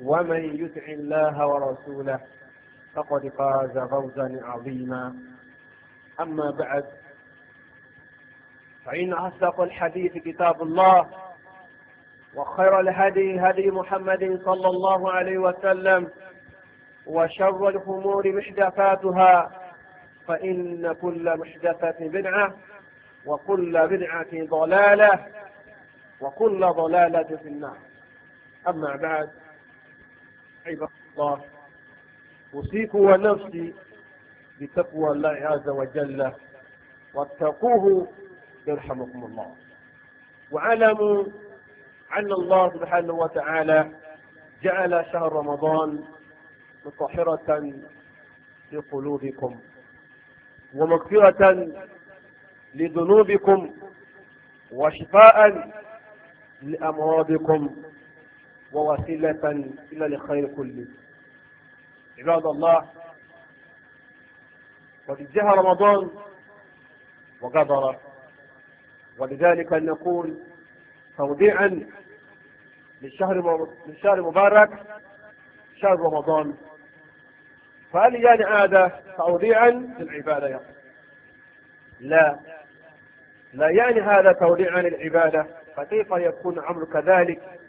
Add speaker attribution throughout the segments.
Speaker 1: ومن يطع الله ورسوله فقد فاز فوزا عظيما أما بعد فإن أصدق الحديث كتاب الله وخير الهدي هدي محمد صلى الله عليه وسلم وشر الأمور محدثاتها فإن كل محدثة بدعة وكل بدعة ضلالة وكل ضلالة في النار أما بعد عباد الله أوصيك ونفسي بتقوى الله عز وجل واتقوه يرحمكم الله واعلموا أن الله سبحانه وتعالى جعل شهر رمضان مطهرة في قلوبكم ومغفرة لذنوبكم وشفاء لأمراضكم ووسيلة إلى الخير كله عباد الله وقد رمضان وقدر ولذلك نقول توديعا للشهر للشهر المبارك شهر رمضان فهل يعني هذا توديعا للعبادة لا لا يعني هذا توديعا للعبادة فكيف يكون الأمر كذلك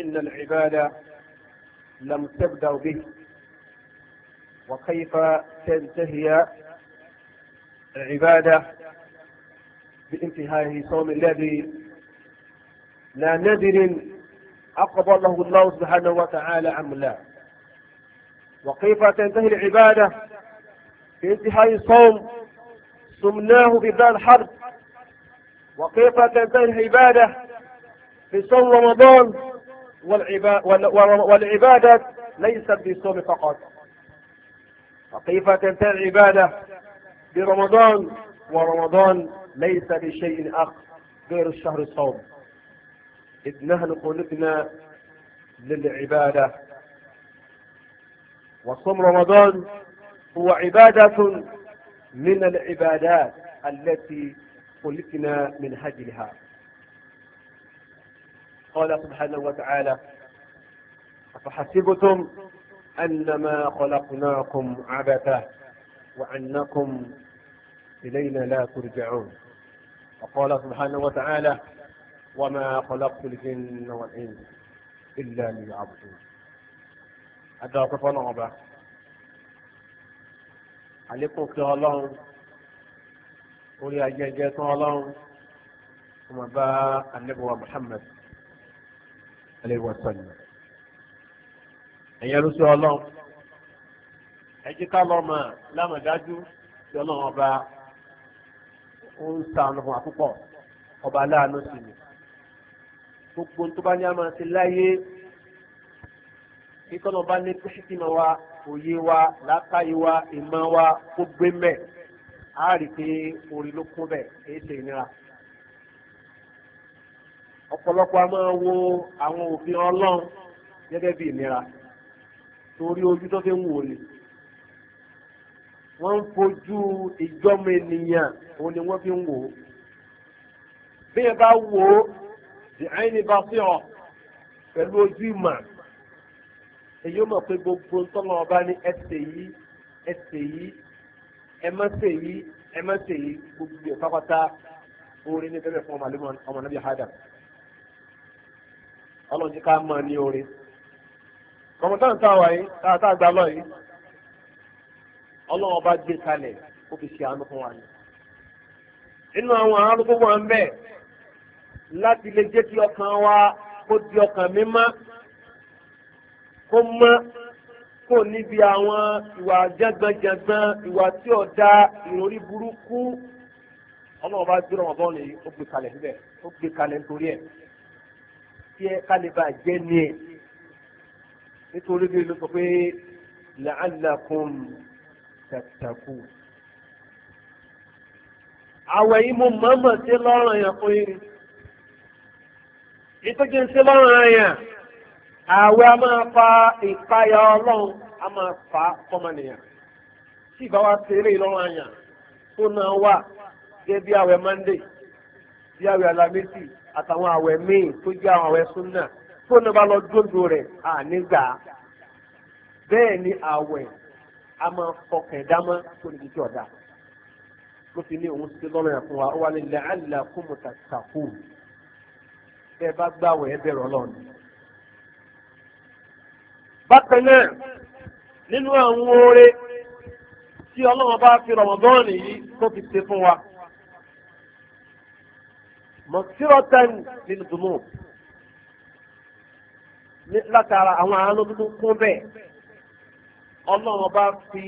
Speaker 1: إن العبادة لم تبدأ به وكيف تنتهي العبادة بانتهاء صوم الذي لا نذر عقب الله سبحانه وتعالى أم لا وكيف تنتهي العبادة بانتهاء صوم سمناه بذات الحرب وكيف تنتهي العبادة في صوم رمضان والعبادة ليست بالصوم فقط فكيف تنتهي العبادة برمضان ورمضان ليس بشيء آخر غير الشهر الصوم إذ نحن قلبنا للعبادة وصوم رمضان هو عبادة من العبادات التي خلقنا من هجلها قال سبحانه وتعالى أفحسبتم أنما خلقناكم عبثا وأنكم إلينا لا ترجعون وقال سبحانه وتعالى وما خلقت الجن والإنس إلا ليعبدون هذا طفل عبا عليكم في الله قولي أجل جيتم الله وما باء النبوة محمد alayhi wa sallam ẹ̀yẹ́ ló sọ ọlọ́run ẹ jẹ́ ká lọ́ọ́ máa lámọ̀dájú tí ọlọ́run ọba ó ń sànù fún àkópọ̀ ọba aláàánú sí ni gbogbo tó bá ní a máa ṣe láyé kíkọ́ náà bá ní pẹ́sìtìmọ̀ wa òye wa làákàyè wa ìmọ̀ wa gbogbo mẹ́ a rí i pé orin ló kún bẹ́ẹ̀ èyí ṣe ìnira ọ̀pọ̀lọpọ̀ a máa wo àwọn òfin ọlọ́run gẹ́gẹ́ bí ìnira torí ojú tó fi ń wò ni wọ́n ń fojú ìjọ́mọ ènìyàn òun ni wọ́n fi ń wò ó bí ẹ bá wò ó sì àìní bá fi hàn pẹ̀lú ojú ìmọ̀ èyí ó mọ̀ pé gbogbo ntọ́nà ọba ní ẹsẹ̀ yìí ẹsẹ̀ yìí ẹmọ́sẹ̀ yìí ẹmọ́sẹ̀ yìí gbogbo ẹ̀ pápátá orin ní bẹ́ẹ̀ fún ọmọ àlẹ́ ọmọ nàbí Adam ọlọ́run ti ká mọ̀ ní orin kọ̀mọ̀tán táwa yìí táàtà àgbà lọ yìí ọlọ́run ọba gbé kalẹ̀ ó fi ṣe àánú fún wa ni. inú àwọn àánú tó wà ń bẹ̀ láti lè jẹ́ kí ọkàn wa kó di ọkàn mímọ́ kó mọ́ kó níbi àwọn ìwà jẹ́gbẹ́jẹ́gbẹ́n ìwà tí ò da ìròrí burúkú ọlọ́run ọba gbé ọmọ bọ́ọ̀lù yìí ó gbé kalẹ̀ síbẹ̀ ó gbé kalẹ̀ nítorí ẹ̀ jẹ́ kálíbà jẹ́ ní ẹ̀ nítorí bí ló sọ pé la'allakum tàkùtàkù. àwẹ̀ yìí mo mọ̀ọ́mọ̀ sí lọ́rùn yẹn fún yín ìtọ́jú ń sí lọ́rùn yẹn àwẹ̀ a máa fa ìpayà ọlọ́run a máa fa fọmọnìyàn tí ìbá wa ṣeré lọ́rùn yẹn tó náà wà gẹ́gẹ́ bí àwẹ̀ Monday bí àwẹ̀ Alámísì àtàwọn àwẹ̀ míì tó jẹ́ àwọn àwẹ̀ súnà tó ní bá lọ dúndùn rẹ̀ ànígbà bẹ́ẹ̀ ni àwẹ̀ a máa fọkàn dámọ́ tó ní jíjọ́ dá ló fi ní òun ti lọ́rọ̀ yẹn fún wa ó wà ní la'allakum tattaqun bẹ́ẹ̀ bá gbàwẹ̀ ẹ bẹ̀rẹ̀ ọlọ́run. bákan náà nínú àwọn oore tí ọlọ́run bá fi Ramadan yìí tó fi ṣe fún wa mọ̀sírọ̀tàn nínú dùnú látara àwọn alódúdú kún bẹ́ẹ̀ ọlọ́run ọba fi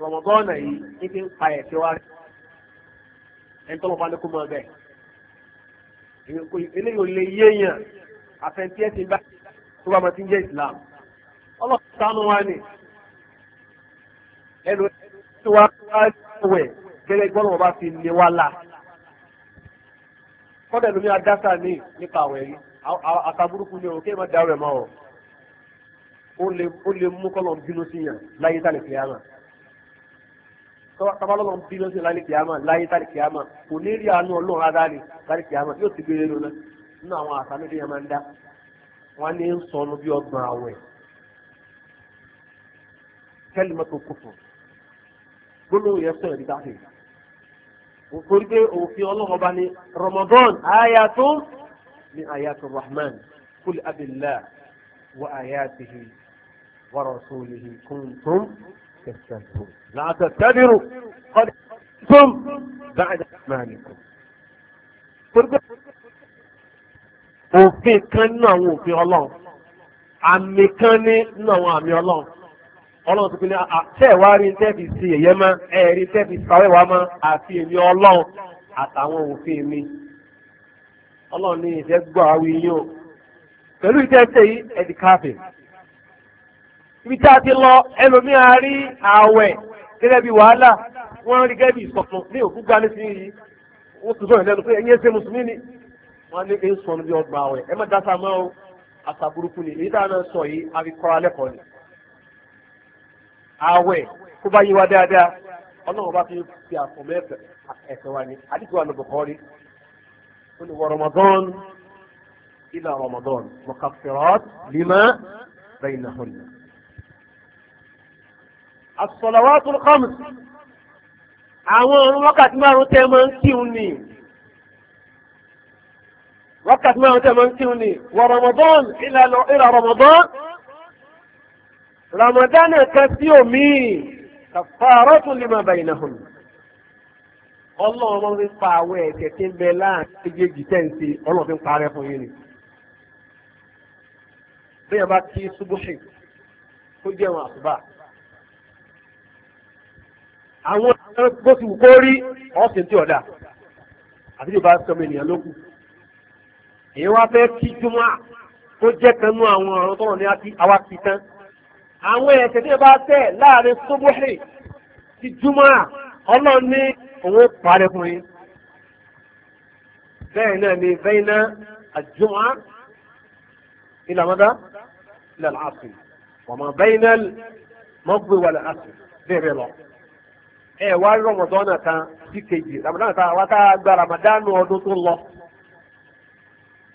Speaker 1: rọmọgọ́nà yìí ní fi ń pa ẹ̀fẹ́ wa ẹni tó wọn bá ní kó mọ ọbẹ̀ eléyìí ò lè yéèyàn àfẹntí ẹ̀sìn bá tó bá ma ti ń jẹ́ Islam ọlọ́run sánú wa ni ẹnu tí wàá wẹ̀ gẹ́gẹ́ gbọ́dọ̀ wọn bá fi ní wa kọ́dà lómi adásà ní nípa àwẹ̀ yìí àtàbúrúkú ni o kéèmọ̀ dá rẹ̀ mọ́ ọ ó lè mú kọ́lọ̀ ń bínú sí yàn láyé tálẹ̀ kìámà tọ́balọ́ ń bínú sí láyé kìámà láyé tálẹ̀ kìámà kò ní rí àánú ọlọ́run rárá ni tálẹ̀ kìámà yóò ti gbére lónà nínú àwọn máa ń dá wọn ní ń bí ọgbọ̀n àwẹ̀ kẹ́lí mọ́tò gbólóhùn yẹn sọ̀rọ̀ nítorí pé òfin ọlọ́run bá ní Ramadan ayatò ní ayatò rahman kul abillah wa ayatihi wa rasulihi kuntum tẹsán la tẹsánirù kọ́ni tum báyìí máa nìkan. òfin kan nínú àwọn òfin ọlọ́run àmì kan nínú àwọn àmì ọlọ́run ọlọ́run tó fi ní àtẹ́ wá rí tẹ́ fi sí ẹ̀yẹ́ mọ́ ẹ̀rí tẹ́ fi sáré wá mọ́ àti èmi ọlọ́run àtàwọn òfin mi ọlọ́run ní ìfẹ́ gbọ́ àwọn yìí o pẹ̀lú ìtẹ́tẹ́ yìí ẹ̀dì káfẹ́ ibi tá a ti lọ ẹlòmíà rí ààwẹ̀ gẹ́gẹ́ bí wàhálà wọ́n rí gẹ́gẹ́ bí ìsọ̀tún ní òkú gbani sí yìí wọ́n tún sọ̀rọ̀ lẹ́nu pé ẹ̀yin ẹ̀sẹ̀ mùsùlùmí ni wọ́n ní èyí sọ̀rọ̀ bí ọgbà ààwẹ̀ ẹ má dáta mọ́ àṣà burúkú ni èyí tá a náà sọ yìí a fi kọ́ra lẹ́kọ̀ọ́ ni àwẹ̀ kó bá yé wa dáadáa ọlọ́run bá fi fi àfọ̀mọ́ ẹ̀fẹ̀ wa ni àdìgbò àná bùkọ́rí ó ní wọ rọmọdán ilà rọmọdán mọ̀kàfẹ́rọ́t lima bẹ́yìn náà hàn yìí. as-salawatul khams àwọn ọ̀run wákàtí márùn-ún tẹ́ máa ń kírun ni wákàtí márùn-ún tẹ́ máa ń kírun ni wọ rọmọdán ilà rọmọdán ramadana kan sí omi kàfàrọ́tù lè máa bàyìí náà hàn ọlọ́run máa ń pa àwọn ẹ̀ṣẹ̀ في ń bẹ láàrin méjèèjì tẹ̀sí ọlọ́run fi ń parẹ́ fún yín ni. bí yẹn bá kí subuhi tó jẹun àsùbà àwọn gbósùn kó rí ọ̀sìn tí ọ̀dà àti tí sọmọ ènìyàn lókù èyí wá fẹ́ kí júmọ́ kó jẹ́ kanú àwọn ọ̀rọ̀ tọ́rọ̀ ní àwa kì í tán àwọn ẹ̀ṣẹ̀ tí ẹ bá tẹ̀ láàrin sóbúhì ti júmọ́ à ọlọ́run ní òun parẹ́ fún yín. bẹ́ẹ̀ náà ni bẹ́ẹ̀ náà àjùmọ́ ìlàmọ́dá ìlànà àsìn wọ́n mọ̀ bẹ́ẹ̀ náà mọ́gbé wà lẹ́nà àsìn bẹ́ẹ̀ lọ. ẹ wá rọmọdọ́nà kan sí kejì ramadan ta wá tá gba ramadan ọdún tó lọ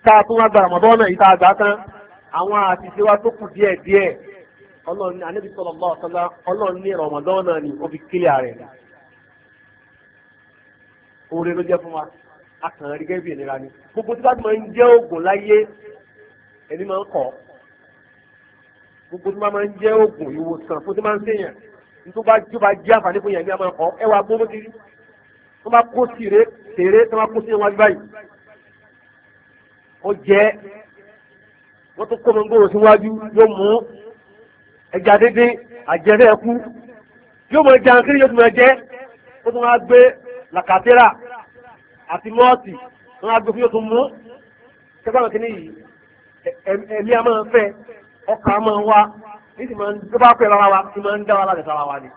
Speaker 1: tá tún wá gba ramadan yìí tá a gbà tán àwọn àtìsíwá tó kù díẹ̀ díẹ̀ ọlọ́run ní anábì sọ̀rọ̀ lọ́wọ́ sọ́lá ọlọ́run ní rọ̀mọ̀dán náà ni ó fi kílẹ̀ rẹ̀ oore ló jẹ́ fún wa a kàn rí gẹ́gẹ́ bí ìnira ni gbogbo tí bá ti máa ń jẹ́ oògùn láyé ẹni máa ń kọ́ gbogbo tí máa ń jẹ́ oògùn ìwòsàn fún tí máa ń ṣèyàn nítorí bá jó bá jẹ́ àǹfààní fún yẹn ní àmọ́ ẹ̀kọ́ ẹ wá ti rí tó bá kó sí rè tèrè tó bá kó sí wọn báyìí ó jẹ́ wọ́n tó kó mọ́ ń gbòòrò síwájú yóò mú ẹja dédé àjẹrẹ ẹkú yóò mọ ẹja nkiri yóò tún mọ ẹjẹ ó tún wá gbé làkàtẹ́rà àti mọ́ọ̀tì tó wá gbé fún yóò tún mú kẹfà kìíní yìí ẹ̀mí a máa fẹ́ ọkà máa wá ní ti máa ń tó bá pẹ́ rárá wa ti máa ń dá wa láti sára wa ni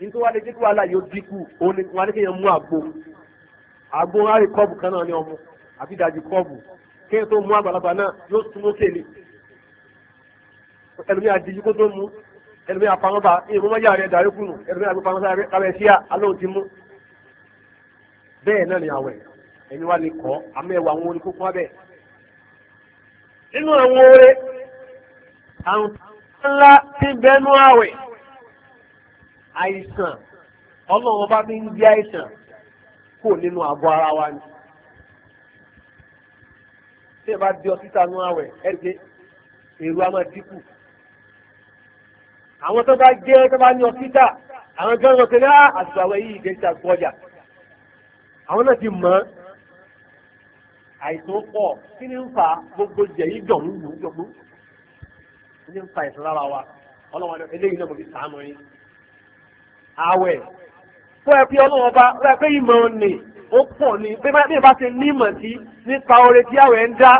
Speaker 1: nítorí wá lè dínkù wàhálà yóò dínkù òun ni wà ní kéèyàn mú àgbo àgbo rárí kọ́ọ̀bù kan náà ní ọmọ àbí ìdajì kọ́ọ̀bù kéèyàn tó mú àgbàlagbà náà yóò tún ó ẹlòmí àdìjú kó tó mú ẹlòmí àpamọ́ba ìyẹn mọ́mọ́ yà rẹ̀ dàrí kùnù ẹlòmí àgbẹ̀pamọ́sá kábẹ̀ sí alóhùn ti mú. bẹ́ẹ̀ náà ni àwẹ̀ ẹni wá lè kọ́ amẹ́wà àwọn orin kókó abẹ́. nínú àwọn oore àrùn ńlá ti bẹnu àwẹ̀ àìsàn ọlọ́run bá fi ń gbé àìsàn kò nínú àgọ́ ara wa ni tí ẹ bá di ọtí sanu àwẹ̀ ẹ gbé èrò a dínkù àwọn tó bá jẹ́ tó bá ní ọ̀fíìsà àwọn gan lọ pẹ̀lú àti àwọn yìí ìgbẹ́ ti àgbọ̀jà àwọn náà ti mọ̀ àìsàn pọ̀ kí ni ń fa gbogbo jẹ̀ yìí dọ̀mú wù ú dọ̀mú kí ni ń fa ìsàn lára wa ọlọ́wọ́n eléyìí náà mo fi sàánú yín àwẹ̀ fún ẹbí ọlọ́wọ́n bá fún ẹbí ìmọ̀ ni ó pọ̀ ni bí bá ṣe nímọ̀ sí nípa oore tí àwẹ̀ ń dá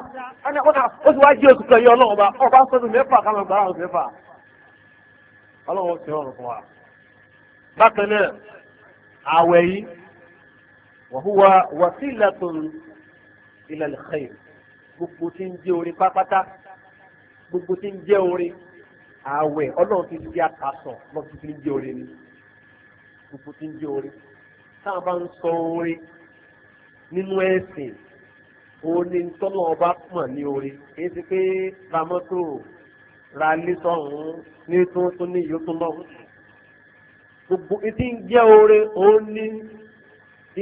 Speaker 1: ó ti wá jí oṣù kan yìí ọlọ́wọ́n bá ọba ọlọ́run ti rọrùn fún wa. bákan náà àwẹ̀ yìí wàhúwa wasilatun ila alkhair gbogbo tí ń jẹ́ orin pápátá gbogbo tí ń jẹ́ orin àwẹ̀ ọlọ́run ti di àkàsọ̀ lọ́sí tí ń jẹ́ orin ni gbogbo tí ń jẹ́ orin táwọn bá ń sọ orin nínú ẹ̀sìn òun ni tọ́lọ́ ọba pọ̀ ní orin èyí ti pé ramọ́tò ra ní sọ̀hún ní tuntun ní yòókù lọ́hún. gbogbo etí ń jẹ́ oore òun ní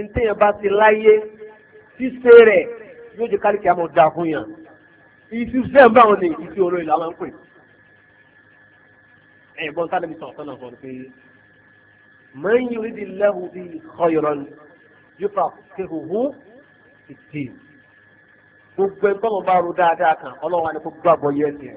Speaker 1: ntẹ́yìn bá ti láyé ṣíṣe rẹ̀ yóò jẹ́ káríkì àmọ́ da fún yàn ìṣiṣẹ́ ń bá wọn ní ìṣiṣẹ́ olóyè la máa ń pè. ẹ̀yìn bọ́n sáré mi sọ̀rọ̀ sọ́nà fún mi pé man yuridillahu bihi khayran yufaqihuhu fid-din. gbogbo ẹgbẹ́ wọn bá ro dáadáa kan ọlọ́run á ní kó gbàgbọ́ yẹ́ ẹ̀sìn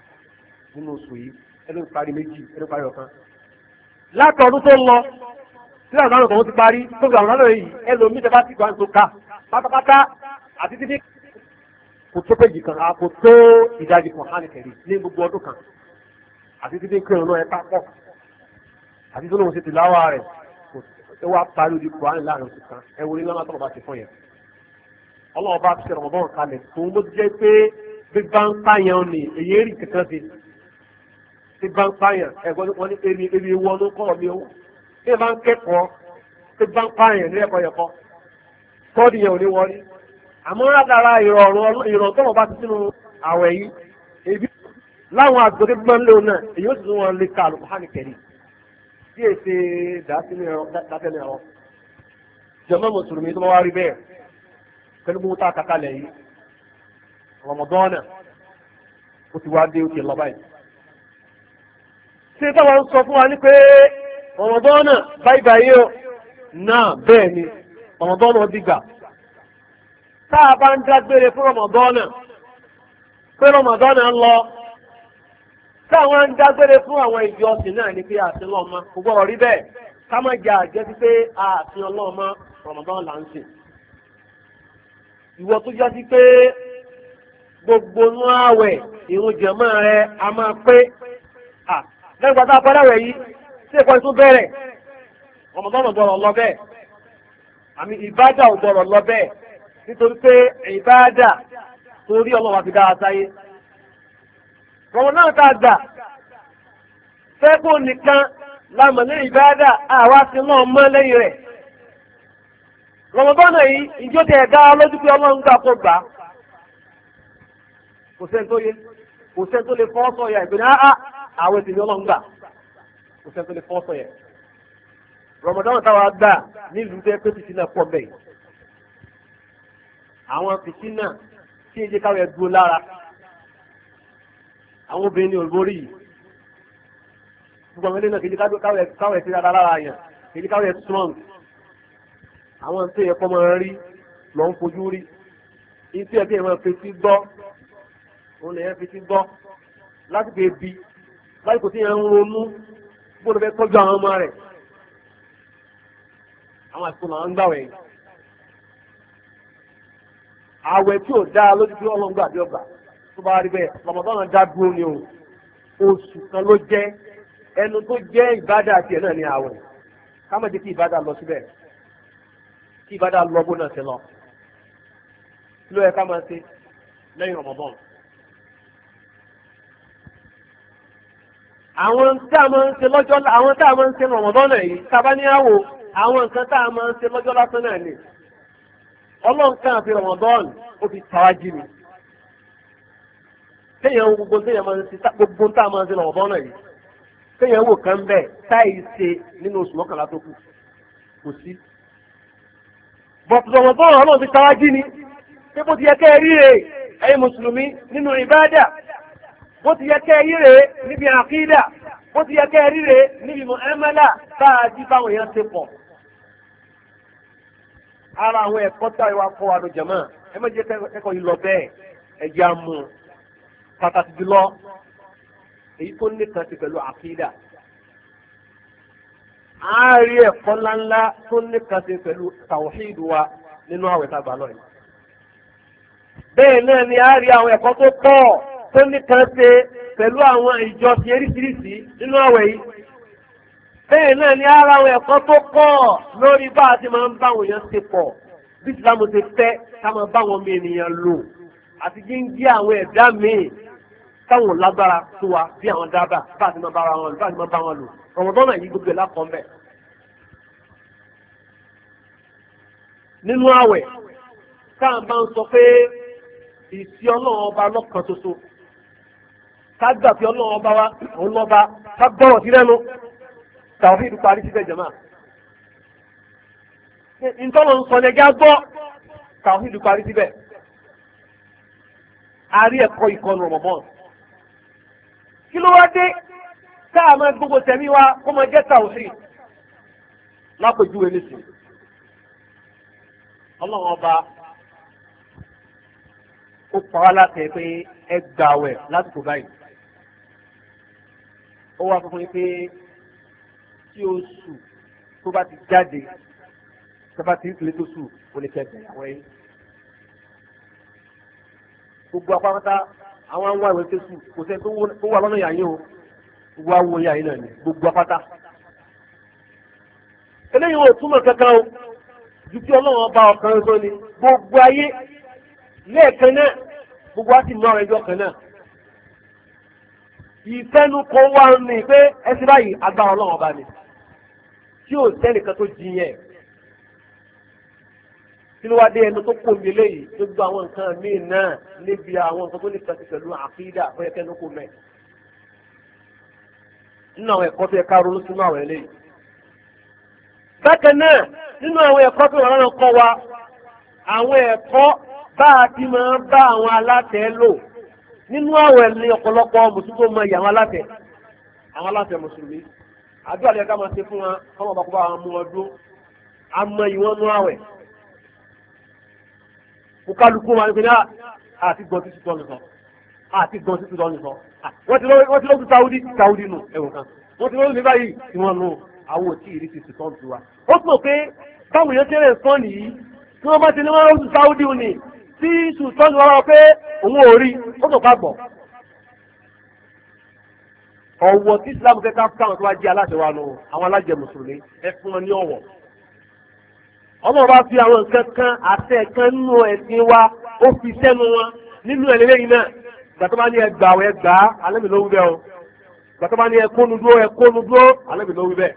Speaker 1: nínú oṣù yìí ẹlòmí parí méjì ẹlòmí parí ọ̀kan. látọ̀dún tó ń lọ tí àwọn àlọ́ tòun ti parí tó gbà wọn lọ́dọ̀ yìí ẹlòmí tẹ́ bá ti gbà ń tó ká pátápátá àti títí kò tó péjì kan kò tó ìdajì kan hàn kẹrì ní gbogbo ọdún kan àti títí kí ọ̀nà ẹ̀ pápọ̀ àti tó lóun ṣe ti láwà rẹ̀ ẹ wá parí ojú kò hàn láàrin oṣù kan ẹ wo ní lọ́nà tó lọ́ba ti fún yẹn ọlọ́ọ̀bá ti ṣe rọ̀mọ́bọ́n kalẹ̀ tó ń bó ti jẹ́ pé bí bá ń pààyàn ni èyí rí kankan tí bá ń pààyàn ẹ̀gbọ́n wọn ní ebi ebi ewu ọdún kọ́ mi o tí bá ń kẹ́kọ̀ọ́ tí bá ń pààyàn ní ẹ̀kọ́ yẹ̀kọ́ kọ́ọ̀dì yẹn ò ní wọlé àmọ́ rádàrà ìrọ̀rùn ìrọ̀rùn tọ́wọ́ bá ti sínú àwẹ̀ yìí ebi láwọn àgbẹ̀dẹ bí máa ń lé wọn náà èyí ó sì tún wọn lè ka àlùkò hàn kẹ́rì bí èsè dàtẹ́lẹ̀ ẹ̀rọ jọmọ́ mùsùlùmí ó ti wá dé ó ti lọ báyìí. ṣe táwọn ń sọ fún wa ní pé ọ̀mọ̀dọ́nà báyìí báyìí o náà bẹ́ẹ̀ ni ọ̀mọ̀dọ́nà ti gbà tá a bá ń dágbére fún ọ̀mọ̀dọ́nà pé ọ̀mọ̀dọ́nà ń lọ táwọn ń dágbére fún àwọn ìjọsìn náà ní pé àti lọ́mọ kò gbọ́dọ̀ rí bẹ́ẹ̀ ká má jẹ àjẹ́ sí pé àti ọlọ́mọ ọ̀mọ̀dọ́nà là ń sìn ìwọ tó já sí pé gbogbo nú àwẹ̀ ìrun jẹ̀mọ́ rẹ a máa pé lẹ́gbàá tá a yìí sí ẹ̀kọ́ ìtún bẹ̀rẹ̀ Ramadan ò gbọ́dọ̀ àmì ìbádà ò gbọ́dọ̀ lọ nítorí pé ìbádà torí ọlọ́wà fi dára sáyé Ramadan tá a gbà fẹ́kù nìkan lámọ̀lẹ́ ìbádà àwa ti náà mọ́ lẹ́yìn rẹ̀ yìí lójú pé ọlọ́run gbà kó gbà kò sẹ́ni tó yẹ kò sẹ́ni tó lè fọ́ àwẹ̀ tèmi ọlọ́run gbà kò sẹ́ni tó lè fọ́ sọ yẹn rọmọdán táwa gbà nílùú tẹ́ pé fìtínà pọ̀ bẹ́ẹ̀ àwọn fìtínà tí èjì káwẹ̀ dúró lára àwọn obìnrin ní olórí yìí gbogbo àwọn ilé náà kejì káwẹ̀ sí dáadáa lára yẹn kejì káwẹ̀ strong àwọn tó yẹ kọ́ máa rí lọ ń fojú rí ní tí ẹ bí ẹ máa fetí gbọ́ òun lè yẹn fetí gbọ́ láti fi ebi báyìí kò sí yẹn ń ronú bó ló fẹ́ tọ́jú àwọn ọmọ rẹ̀ àwọn àsìkò làwọn ń gbàwẹ̀ yìí àwẹ̀ tí ò dáa lójú tí ọlọ́run gbà bí ọgbà tó bá rí bẹ́ẹ̀ Ramadan náà dá dúró ni o oṣù kan ló jẹ́ ẹnu tó jẹ́ ìbádà tiẹ̀ náà ni àwẹ̀ ká má jẹ́ kí ìbádà lọ síbẹ̀ kí ìbádà lọ bó náà ti lọ kí ló yẹ ká máa ṣe lẹ́yìn Ramadan. àwọn tá a máa ń ṣe lọ́jọ́ àwọn tá a máa ń ṣe rọ̀mọ̀dọ́nà yìí tábà ní àwò àwọn nǹkan tá a máa ń ṣe lọ́jọ́ lásán náà ni ọlọ́run kan àfi rọ̀mọ̀dọ́n ó fi tàwájì ni téèyàn gbogbo téèyàn máa ń ṣe gbogbo tá a máa ń ṣe rọ̀mọ̀dọ́nà yìí téèyàn wò kán bẹ́ẹ̀ táì ṣe nínú oṣù mọ́kànlá tó kù kò sí. bọ̀tùrọ̀mọ̀dọ́n ọlọ́run fi tàwájì ni pé bó ti yẹ kẹ́ ẹ rí bó ti yẹ kẹ́ ẹ ríre níbi àkídà bó ti yẹ kẹ́ ẹ ríre níbi mọ̀ẹ́mẹ́là tá a jí báwọn èèyàn ti pọ̀. ara àwọn ẹ̀kọ́ tá ìwà kọ́ wa ló jẹ̀mọ́ ẹ má jẹ́ kẹ́kọ̀ọ́ yìí lọ bẹ́ẹ̀ ẹ jẹ́ pàtàkì jùlọ èyí tó nìkan ti pẹ̀lú àkídà àárí ẹ̀kọ́ ńláńlá tó nìkan ṣe pẹ̀lú tàwọ̀hídù wa nínú àwẹ̀ tá a yìí. bẹ́ẹ̀ náà ni àárí àwọn ẹ̀kọ́ tó pọ̀ tó nìkan ṣe pẹ̀lú àwọn ìjọsìn eríṣiríṣi nínú àwẹ̀ yìí. bẹ́ẹ̀ náà ni ara àwọn ẹ̀kọ́ tó pọ̀ lórí bá a ti máa ń bá àwọn èèyàn ṣe pọ̀ bí ìsìlámù ti fẹ́ ká máa bá àwọn ọmọ ènìyàn lò àti jíjí àwọn ẹ̀dá míì táwọn lágbára tó wa bí àwọn dábàá bá a ti máa bá wọn bá a ti máa bá wọn lò ọ̀rọ̀dọ́ náà yí gbogbo ẹ̀ lákọ̀ọ́ mẹ́. nínú àwẹ̀ táà bá ń sọ pé ìsí ọlọ́run ọba lọ́kàn tuntun ká gbà pé ọlọ́run ọba wa òun lọ́ba ká gbọ́rọ̀ sí lẹ́nu tàwọ́fíìdù parí síbẹ̀ jẹ̀má. ntọ́lọ̀ ń sọ ní ẹja gbọ́ tàwọ́fíìdù parí síbẹ̀. a rí ẹ̀kọ́ ìkọlù ọ̀mọ̀mọ́. kí ló wá dé tá a máa gbogbo tẹ̀mí wa kó máa jẹ́ tàwọ́fíìdù lápèjúwe nísìnyí. ọlọ́run ọba ó pa wá láti ẹ pé ẹ gbà wẹ̀ lásìkò báyìí ó wá fún mi pé tí oṣù tó bá ti jáde tó bá ti ń tilé tó sùn ó lè kẹ́ bẹ̀rẹ̀ àwọn ẹ̀yìn. gbogbo apáta àwọn àwọn àwọn ẹ̀tẹ́ sùn kò sẹ́ni tó wà lọ́nà yàyín o gbogbo àwọn òye àyín náà ni gbogbo apáta. eléyìí wọn túmọ̀ kankan o ju kí ọlọ́run ọba ọ̀kan sọ ni gbogbo ayé lẹ́ẹ̀kan náà gbogbo á mú àwọn ẹjọ́ kan náà ìfẹ́nukọ wá ń ní pé ẹsẹ̀ báyìí agbára ọlọ́run ọba ni tí ò sẹ́nìkan tó di yẹn kí ló wá dé ẹnu tó kò nílé yìí tó gba àwọn nǹkan míì náà níbi àwọn nǹkan tó ní pẹ̀sì pẹ̀lú àfíìdà ó yẹ kẹ́nu kò mẹ́ nínú àwọn ẹ̀kọ́ tó yẹ ká ronú sínú àwọn eléyìí bákan náà nínú àwọn ẹ̀kọ́ tó rọrùn kọ́ wa àwọn ẹ̀kọ́ bá a ti máa ń bá àwọn alátẹ̀ẹ́ lò nínú àwẹ̀ ni ọ̀pọ̀lọpọ̀ mùsùlùmí mọ ìyàwó aláfẹ̀ àwọn aláfẹ̀ mùsùlùmí àdúrà lẹ́ka máa ṣe fún wa fọmọ bàbá àwọn ọmọ ọdún àmọ́ ìwọ̀n nú àwẹ̀ kókálukú wa ní pé ní àti gbọ́n títí tọ́ nìkan àti gbọ́n títí tọ́ nìkan wọ́n ti lọ́ọ́ sáwúdí sáwúdí nù ẹ̀wọ̀n kan wọ́n ti lọ́ọ́ ní báyìí ìwọ̀n nù àwọn òtí ìrísí ti tọ́ nù tiwa ó pọ̀ pé báwo yẹn tẹ́lẹ̀ sọ́ọ̀nì yìí tí wọ́n bá ti ní wọ́n lọ́ọ́ sáwúdí nù tí sùtọ́nù ọ̀rọ̀ pé òun ò rí ó tó pa ọ̀wọ̀ tí islam kẹta káwọn tó wá jẹ́ aláṣẹ wa nù àwọn alájẹ mùsùlùmí ẹ fún wọn ní ọ̀wọ̀. ọmọ bá fi àwọn nǹkan kan àtẹ kan nínú ẹ̀sìn wa ó fi sẹ́nu wọn nínú ẹ̀ lélẹ́yìn náà ìgbà tó bá ní ẹgbà ló wí bẹ́ẹ̀ o ìgbà tó bá ní ẹkónu dúró ẹkónu dúró alẹ́ ló wí bẹ́ẹ̀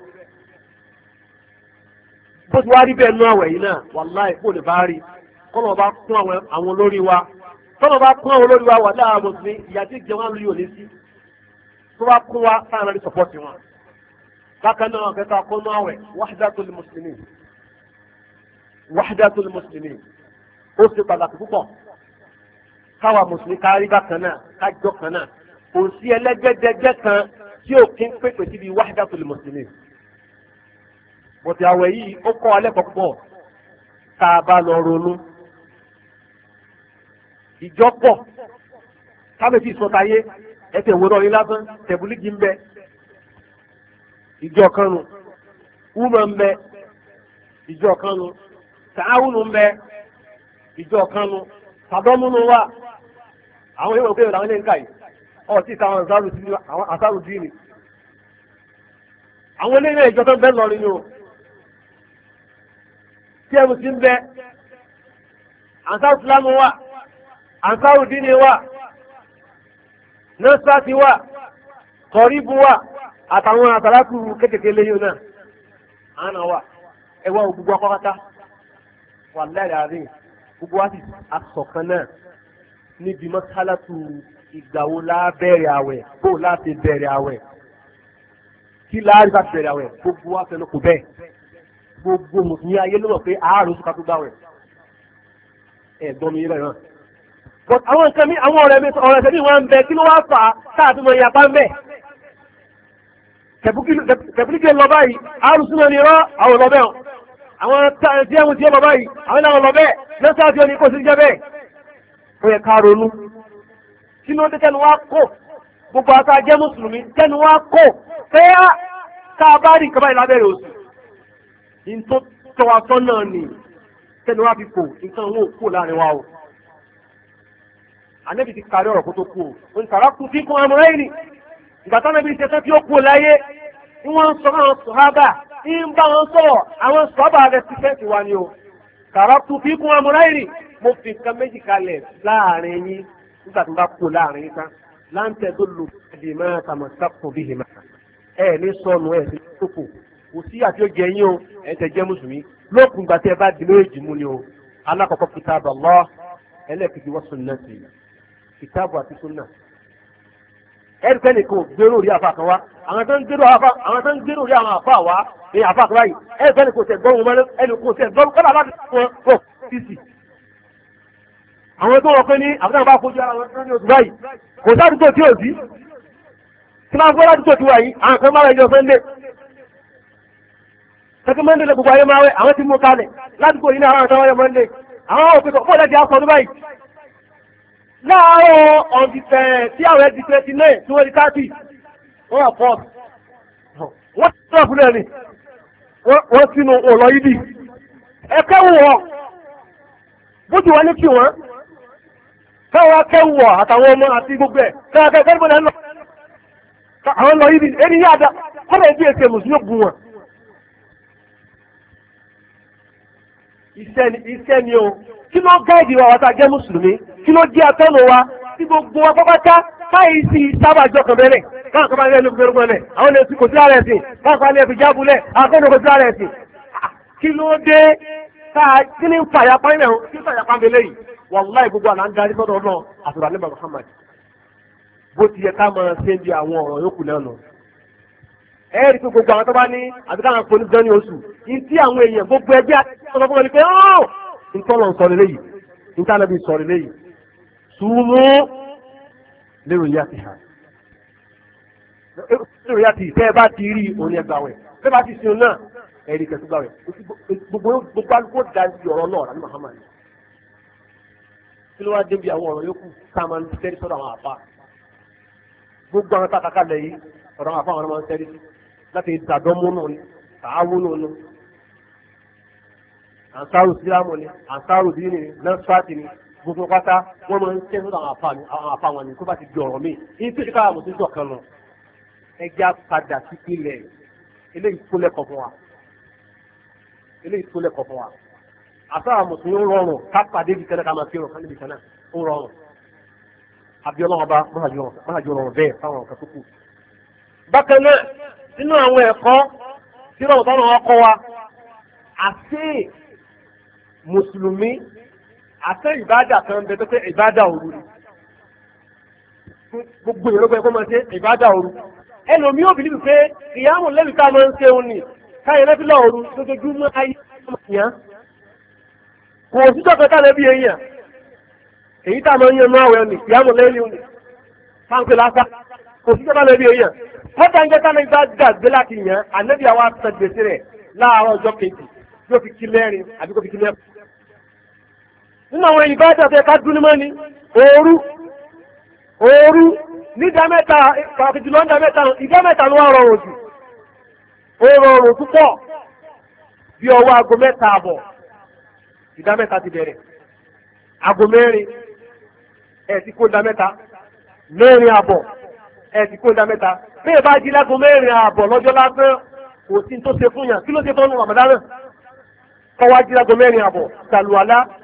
Speaker 1: bó ti wá rí bẹ́ẹ̀ nú àwẹ̀ yìí náà wàláì kó lè bá rí kọ́nà bá kún àwọn olórí wa tọ́nà bá kún àwọn olórí wa wà láàá mùsùlùmí ìyá tí jẹ wọn lóyún òní sí tó bá kún wa sáà lórí sọpọ́tì wọn. bákan náà kẹta kọ́nà àwẹ̀ wahdatul muslimin wahdatul muslimin ó ṣe pàtàkì púpọ̀ káwa mùsùlùmí kárí bákan náà kájọ kan náà kò sí ẹlẹ́gbẹ́dẹ́gbẹ́ kan tí ò kí ń pèpè síbi wahdatul muslimin bọ̀tì àwẹ̀ yìí ó kọ́ alẹ́ pọ̀ púpọ̀ tá a bá lọ ronú ìjọpọ̀ kábẹ́tì ìsọtayé ẹ̀tẹ̀ ìwé náà ní lásán tẹ̀bùlígì ń bẹ ìjọ kan nù wúmọ̀ ń bẹ ìjọ kan nù tààwùnù ń bẹ ìjọ kan nù tàdọ́múnú wà àwọn yóò gbé làwọn ilé ń kà yìí ọtí táwọn àṣàrù dì ní. àwọn ilé ìjọ tó ń bẹ lọ nínú tí ẹnu ti ń bẹ àṣàrù fúlàmù wà ansarudini wà nasrati wà kọ̀ríbù wà àtàwọn àtàlákù kékèké lẹ́yìn náà àánà wà ẹwà gbogbo akọ́kátá wà lẹ́rẹ̀ àárín gbogbo wa sì asọ̀kan náà níbi mọ́sálásù ìgbàwo lábẹ́rẹ̀ àwẹ̀ bó láti bẹ̀rẹ̀ àwẹ̀ kí láàrín bá bẹ̀rẹ̀ àwẹ̀ gbogbo wa fẹ́ ló kò bẹ́ẹ̀ gbogbo mùsùlùmí ayé ló mọ̀ pé àárò sùkà tó gbà wẹ̀ ẹ̀gbọ́n mi yé bẹ̀rẹ̀ náà but àwọn nǹkan mi àwọn ọ̀rẹ́ mi ọ̀rẹ́ tẹ̀lé wọn ń bẹ kí ló wá fà á táàbí mọ ìyapa ń bẹ. kẹ̀pùlíkè lọ báyìí àrùsùn náà ni rọ́ àwọn lọ bẹ́ẹ̀ àwọn tí ẹ̀mú tí ẹ̀mú báyìí àwọn náà lọ bẹ́ẹ̀ lọ́sàá tí ó ní kó sí jẹ́ bẹ́ẹ̀. ó yẹ ká ronú kí ló dé tẹnu wá kó gbogbo ata jẹ́ náà ni tẹnu fi kò nǹkan owó kò láàrin wa o ànábì ti parí ọ̀rọ̀ kó tó kú o nǹkan kú sí fún amúrẹ́ yìí ni ìgbà táwọn ẹbí ṣe tán tí ó kú láyé ń wọ́n sọ àwọn sọ̀hábà ń bá wọn sọ̀rọ̀ àwọn sọ̀hábà rẹ̀ ti fẹ́ẹ̀sì wa ni o kàrà kú sí fún amúrẹ́ yìí ni mo fi nǹkan méjì kalẹ̀ láàrin yín nígbà tí mo bá kú láàrin yín tán láǹtẹ̀ tó lò ẹ̀dì máa tàmọ̀ sápò bí ìhìmá ẹ̀ ní sọnù ẹ̀ sí tó kò sí àti ó jẹ yín o ẹ̀ tẹ̀ jẹ́ mùsùlùmí lókun gbàtẹ́ bá di méjì mú ni o alákọ̀ọ́kọ́ kìtàbà Allah ẹlẹ́ẹ̀kejì wọ́n sunnati kìtàbù àti sunna ẹnikẹ́ni kò gbèrò orí àfa kan wa àwọn tó ń gbèrò àfa àwọn tó ń gbèrò orí àwọn àfa wa ní àfa kan báyìí ẹnikẹ́ni kò tẹ̀ gbọ́n wọn ẹni kò tẹ̀ gbọ́n kọ́lá láti fún ọ títì. àwọn tó wọ́n pé ní àbúrò àwọn bá fojú ara wọn ní oṣù báyìí kò sádùúgbò tí ò sí tí máa ń gbọ́ ládùúgbò tí wà yìí àwọn kan máa ń yọ sẹ́ńdẹ̀ sẹ́kẹ́ mọ́ndé lẹ gbogbo ayé máa wẹ̀ àwọn ti mú kalẹ̀ ládùúgbò yìí ní láàárọ̀ ọ̀dìtẹ̀ tí àwọn ẹ̀dì twenty nine tí wọ́n di thirty wọ́n wà pọ̀ wọ́n ti sọ̀rọ̀ fúnlẹ̀ ni wọ́n sínú ọ̀lọ́ yìí dì ẹ kẹ́wù wọ̀ bójú wọn ní kí wọ́n káwọn akẹ́wù wọ̀ àtàwọn ọmọ àti gbogbo ẹ̀ káwọn akẹ́wù kẹ́rìbọn náà lọ àwọn lọ yìí dì ẹni yá da kọ́nà ìdí èsè mùsùlùmí bù wọn. iṣẹ́ ni o kí ló gáìdì wa wàtá jẹ́ mùsùlùmí kí ló jẹ́ atọ́nù wa tí gbogbo wa pápátá káyìí sí sábàjọ kan bẹ́lẹ̀ káwọn kan bá lẹ́nu gbẹrún mọ́lẹ̀ àwọn lè fi kò sí ààrẹ ẹ̀sìn káwọn kan lè fi jábúlẹ̀ àkọ́nù kò sí ààrẹ ẹ̀sìn. kí ló dé káà kí ni fàyà pàmì ẹ̀hún kí fàyà pàmì lẹ́yìn wàláì gbogbo àná ń darí sọ́dọ̀ Muhammad bó ti yẹ ká máa ṣe ń di àwọn ọ̀rọ̀ yòókù lẹ́nu ẹ rí i pé gbogbo àwọn tó bá ní àti káwọn oṣù ní tí àwọn èèyàn gbogbo ẹgbẹ́ àti ntọ́lọ̀ ń sọ nílé yìí ntánàbí sọ nílé yìí sùúmù lérò yá ti hàn lérò yá ti tẹ́ ẹ bá ti rí òun ẹgbà wẹ̀ tẹ́ bá ti sin náà ẹ̀rí kẹ̀tù gbà wẹ̀ gbogbo gbogbo alukó da ibi ọ̀rọ̀ náà rani Muhammad kí ló débi àwọn ọ̀rọ̀ yòókù táwọn ń tẹ́rí sọ́dọ̀ àwọn àfa gbogbo àwọn tàkàkà lẹ̀ yìí ọ̀rọ̀ àwọn àfa àwọn ọmọ ń láti dàdọ́mú nù ní tààwó nù ní ansaru sílámù ni ansaru dínì ni nọ́ọ̀sì ni gbogbo pátá wọ́n máa ń tẹ́ sọ́dọ̀ àwọn afa àwọn afa wọn ni tó bá ti di ọ̀rọ̀ mi ní tí ká àmọ̀ tó jọ kan lọ ẹja padà sí ilẹ̀ eléyìí tó lẹ́kọ̀ọ́ fún wa eléyìí tó lẹ́kọ̀ọ́ fún wa àtàwọn mùsùlùmí ń rọrùn ká pàdé ibi kan náà ká máa fi rọ̀ ká kan náà ń rọrùn abiola ọba máa jọ rọrùn bẹ́ẹ̀ fáwọn ọ̀kan tó kù. bákan náà nínú àwọn ẹ̀kọ́ tí rọ̀bọ̀tán náà wọ́n kọ́ wa àti mùsùlùmí àtẹ ìbádà kan bẹ tó pé ìbádà òru gbogbo ìrọ́gbẹ́ kó máa ṣe ìbádà òru ẹlòmí ò bìlíbi pé ìyáàmù lẹ́nu tá a máa ń ṣe òun ni káyọ̀ lẹ́fílà òru lójoojúmọ́ ayé yẹn kò òṣìṣẹ́ kan tá a lẹ́bi èèyàn èyí tá a máa ń yan máa wẹ̀ ni ìyáàmù lẹ́nu òun ni fáńpẹ́ lásán kò òṣìṣẹ́ kan lẹ́bi èèyàn kọ́tà ń jẹ́ tá a lẹ́bi bá gbàgbé láti yàn ànẹ́bí àwa sọ gbèsè rẹ̀ láàárọ̀ ọjọ́ kejì yóò fi kí lẹ́rin àbí kò fi kí lẹ́rin nínú àwọn ìbádà tẹ ká dúnú mọ́ ni òru òru ní ìdámẹ́ta pàtàkì jùlọ ìdámẹ́ta ìdámẹ́ta ló wà rọrùn jù ó rọrùn púpọ̀ bí ọwọ́ aago mẹ́ta àbọ̀ ìdámẹ́ta ti bẹ̀rẹ̀ aago mẹ́rin ẹ̀ ti kó ìdámẹ́ta mẹ́rin àbọ̀ ẹ̀ ti kó ìdámẹ́ta bẹ́ẹ̀ bá jí lágo mẹ́rin àbọ̀ lọ́jọ́ lásán kò sí tó ṣe fún yàn kí ló ṣe fún ọmọ Ramadan jí lágo mẹ́rin àbọ̀ ṣàlùwàlá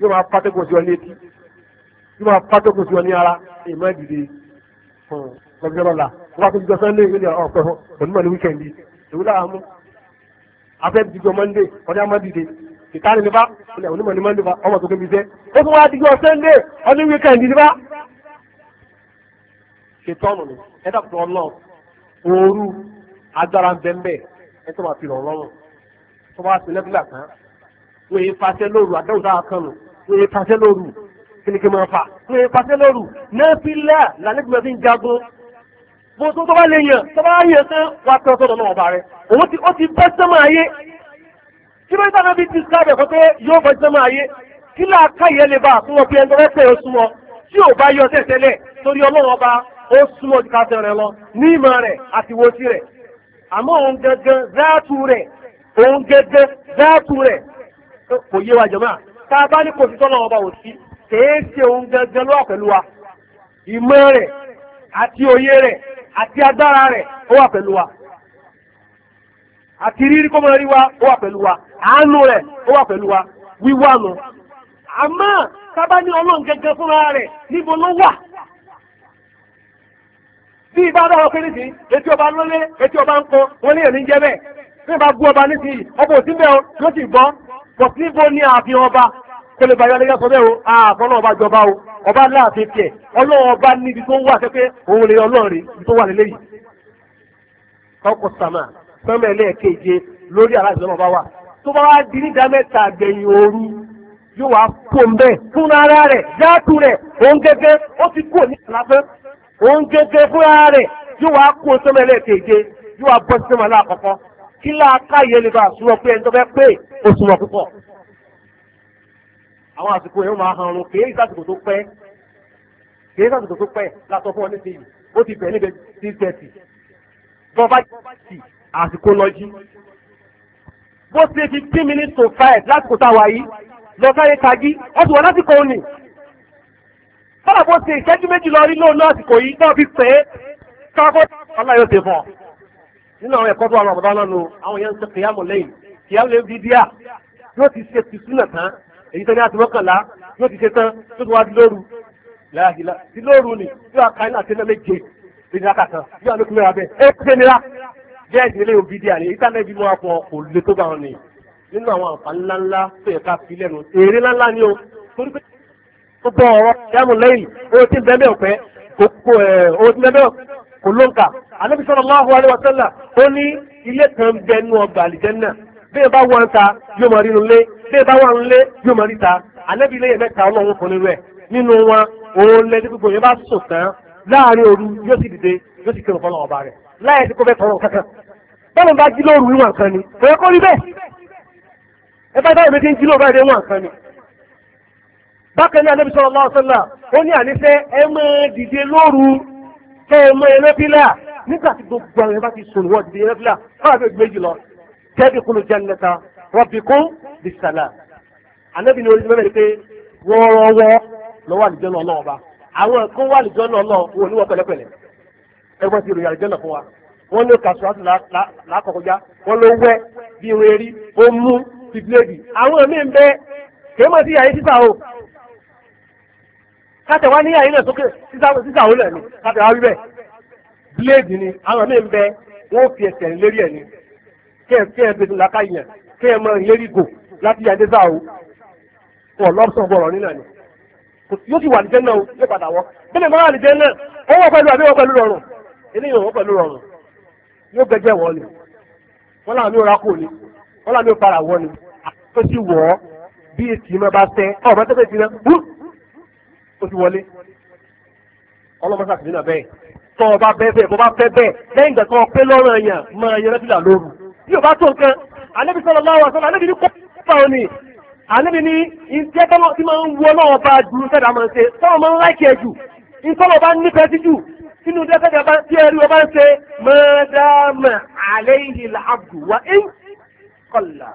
Speaker 1: yóò máa pátákó sí ọ ní etí yóò máa pátákó sí ọ ní ara èèmọ ìdìde lọ́jọ́ lọ́la wọ́n bá tó jọ sunday yóò ní ọ̀pẹ onímọ̀ ní wíkẹ́ndì èwo lára mú afẹ́ dijọ́ monday ọdẹ àmọ́ dìde ìtàrí ní bá onímọ̀ ní monday bá ọmọ tó kébi iṣẹ́ ó tún wá dijọ́ sunday ọdún wíkẹ́ndì ní bá. ṣètò ọ̀nà ni ẹ dàpọ̀ ọlọ́run ooru agbára bẹ́ẹ̀ ẹ tó máa fi ràn ọlọ́run tó bá ti lẹ́gbẹ̀ẹ́ kan wọ́n yé fàṣẹ lóru àdáwò dáa kan nù wọ́n yẹ pàṣẹ lóru kí ni kí n máa fà wọ́n yẹ pàṣẹ lóru náà fi là lànà ìgbìmọ̀ fi ń jagun bó tó tó bá lè yàn tó bá yàn tán wà tán sọ̀dọ̀ náà ọba rẹ̀ òun ti ó ti bẹ́ sẹ́mọ̀ ayé kí ló ń tàn bí ti sábẹ̀ kó pé yóò bẹ́ sẹ́mọ̀ ayé kí làákàyè lè bá àtúnwọ̀ bí ẹni tó fẹ́ tẹ̀ oṣù wọn tí ò bá yọ tẹ̀tẹ̀lẹ̀ torí ọlọ́run ọba ó súnmọ́ ju ká tẹ̀rẹ̀ lọ ní ìmọ̀ rẹ̀ àti wọ́sí rẹ̀ àmọ́ òun záàtù rẹ̀ òun gangan záàtù rẹ̀ kò yé wa jọ̀mọ́ tá a bá ní kò sí tọ́lọ́ ọba ò sí kèé ṣe ohun gẹ́gẹ́ lọ́wọ́ pẹ̀lú wa ìmọ̀ rẹ̀ àti òye rẹ̀ àti agbára rẹ̀ ó wà pẹ̀lú wa àti rírí kọ́mọ rí wa ó wà pẹ̀lú wa àánú rẹ̀ ó wà pẹ̀lú wa wíwá nu àmọ́ sábà ní ọlọ́run gẹ́gẹ́ fúnra rẹ̀ níbo ló wà bí ibá dáwọ́ pé etí ọba lólé etí ọba ń pọn wọn ní ẹ̀mí jẹ́ bẹ́ẹ̀ bí ìbá gún ọba nísìnyí ọba òsínbẹ́ o but níbo ni ààfin ọba kó lè bàyọ̀ lẹ́yìn sọ́bẹ̀ o ààfin ah, ọlọ́ọ̀ba jọba o ọba láàfin tiẹ̀ ọlọ́run ọba níbi tó wà pẹ́pẹ́ òun lè ọlọ́ọ̀rẹ́ ibi tó wà lélẹ́ yìí. kọ́kọ́ sàmà sọ́mọ ẹlẹ́ẹ̀keje lórí aláìsàn ọlọ́ọ̀ba wa tó bá wá di nídàá mẹ́ta gbẹ̀yìn ooru yóò wá kó ń bẹ́ fún ara rẹ̀ yáàtú rẹ̀ òun gẹ́gẹ́ ó ti kú òní àlàfẹ́ òun gẹ́gẹ́ fún ara rẹ̀ yóò wá kó sọ́mọ ẹlẹ́ẹ̀keje yóò wá bọ́ sọ́mọ kí láàkáyé lè bá súnmọ́ pé ẹni tó fẹ́ pé ó súnmọ́ púpọ̀. àwọn àsìkò yẹn máa hàn ọ̀run kèé ìsàsìkò tó pẹ́ kèé ìsàsìkò tó pẹ́ látọ fún ọ nísìnyí ó ti bẹ̀ níbẹ̀ tí ń tẹ̀sì bọ́ bá ti àsìkò lọ jí. bó ti fi ten minutes to five lásìkò táwa yìí lọ sáré tají wọ́n ti wọ́n lásìkò òní. fọlá bó ṣe ìṣẹ́jú méjì lọ rí lóun náà nínú àwọn ẹ̀kọ́ tó wà rọ̀bọ̀dá náà nù àwọn èèyàn ń ṣe kìyàmù lẹ́yìn kìyàmù lẹ́yìn di díà yóò ti ṣe ti súnà tán èyí tó ní àti mọ́kànlá yóò ti ṣe tán tó ti wá di lóru láàgìlá di lóru ni yóò aka iná àti iná méje lórí akàtàn yóò lókun lóra bẹ́ẹ̀ ẹ ti nira bẹ́ẹ̀ ni eléyìí òbí díà ni èyí táná ibi wọn kọ kò le tó bá ni nínú àwọn àǹfààní ńláńlá tó yẹ ká fi lẹ́nu èrè ńláńlá ni o torí pé ó bọ̀ ọ̀rọ̀ kìyàmù lẹ́yìn ó ti Ànábì sallallahu alaihi wasallam ó ní ilé kan bẹ nú ọgbà àlìjẹ́nà bí ẹ bá wọn ta yóò máa rí inú lé bí ẹ bá wọn lé yóò máa rí ta Ànábì ilé yẹn mẹ́ta ọlọ́run kò nínú ẹ̀ nínú wọn òun lẹ́ni gbogbo yẹn bá sùn tán láàrin òru yóò sì dìde yóò sì kírun fọlọ́wọ́ ọba rẹ̀ láyé tí kò fẹ́ tọrọ kankan bọ́lá bá jí lóru wọn kan ni kò yẹ kó rí bẹ́ẹ̀ ẹ bá méjì jí lóru báyìí kan ni. bákan náà Ànábì sallallahu ó ní àníṣe ẹ máa dìde kẹ́ ẹ máa nígbà tí gbogbo àwọn ẹbá ti sùn wọ́n di ẹ̀fílà fáwọn àbẹ̀ méjì lọ tẹ́bí kúlù jannata rabbikum bisalam anábì ní orí mẹ́rin ni pé wọ́ọ́rọ́wọ́ lọ́wọ́ àlùjọ́ náà lọ́wọ́ bá àwọn ẹ̀kọ́ wà àlùjọ́ náà lọ́wọ́ wọn ní wọ́n pẹ̀lẹ́pẹ̀lẹ́ ẹgbẹ́ ti ròyìn àlùjọ́ náà fún wa wọ́n ló kà sùúrù lákọ̀kọ́já wọ́n ló wẹ́ bí irun erí ó ti bíléèdì àwọn ẹ̀mí ń bẹ kèémọ̀ sí yàrá sísà o kátẹ̀wá ní yàrá náà sókè sísà ó lẹ̀ ní kátẹ̀wá wí bẹ́ẹ̀ bíléèdì ni àwọn míì ń bẹ wọ́n fi ẹsẹ̀ lérí ẹ̀ ni kí ẹ kí ẹ bẹ̀rẹ̀ làkà yẹn kí ẹ mọ ìlérí gò láti yàn dẹ́sà o wọ́n lọ́sọ̀ bọ̀rọ̀ nínà ni yóò ti wà ní jẹ́nà o yóò padà wọ́ bẹ́ẹ̀ máa ní jẹ́nà o wọ́ pẹ̀lú àbí wọ́ pẹ̀lú rọrùn eléyìí wọ́ pẹ̀lú rọrùn yóò gẹ́jẹ́ wọ́ ni wọ́n làwọn yóò rákò ni wọ́n làwọn yóò para wọ́ ni tó ti wọ̀ ọ́ bí etí ma bá tẹ ọ̀ bá tẹ́ fẹ́ ti náà ó ti wọlé ọlọ́mọ sàkíní náà bẹ́ẹ̀ tọ́ ọba bẹ́ẹ̀ bọ́ bá fẹ́ bẹ́ẹ̀ lẹ́yìn ìgbà tó pé lọ́rọ̀ èèyàn mọ ẹyẹrẹ bílà lóru bí o bá tó nǹkan alẹ́bí sọ́lọ́ láwọ̀ sọ́lọ́ alẹ́bí ní kọ́kọ́ òní alẹ́bí ní iṣẹ́ tọ́lọ́ tí máa ń wọ náà bá ju sẹ́dá máa ń ṣe tọ́lọ́ máa ń láìkì ẹ̀ jù ìtọ́lọ́ bá nífẹ̀ẹ́ sí jù sínú dẹ́sẹ̀dá bá tí ẹrú ọba ń ṣe mọ́dámà àlẹ́yìn làbù wá ń kọ̀là